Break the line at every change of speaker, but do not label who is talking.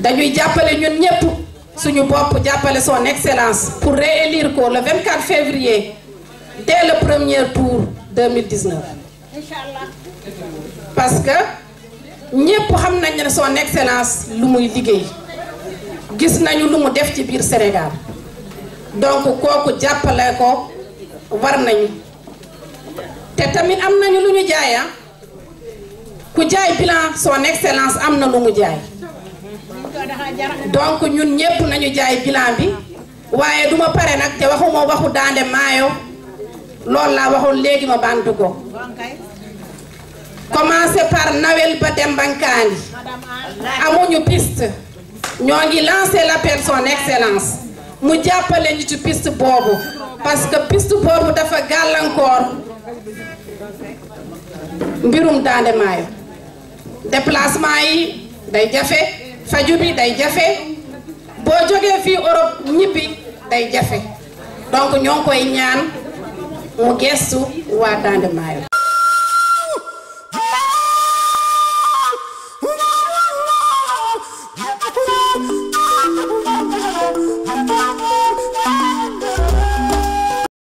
dañuy jàppale ñun ñëpp suñu bopp jàppale son excellence pour réélire ko le 24 février dès le premier tour 2019 parce que ñëpp xam nañ ne son excellence lu muy liggéey gis nañu lu mu def ci biir Sénégal donc kooku jàppale ko war nañu te tamit am nañu lu ñu jaaya ah. ku jaay bilan son excellence am na lu mu jaay donc ñun ñëpp nañu jaay bilan bi waaye duma pare nag te waxuma waxu Dande Maayo loolu laa waxoon léegi ma bantu ko commencé par Nawel ba dem Batem Bankaani amuñu piste ñoo ngi lancé l'appel son excellence mu jàppale ñu ci piste boobu parce que piste boobu dafa gàllankoor mbirum Dande Maayo déplacement yi day jafe faju bi day jafe boo jógee fi Europe ñibbi day jafe donc ñoo koy ñaan mu gestu waa Dande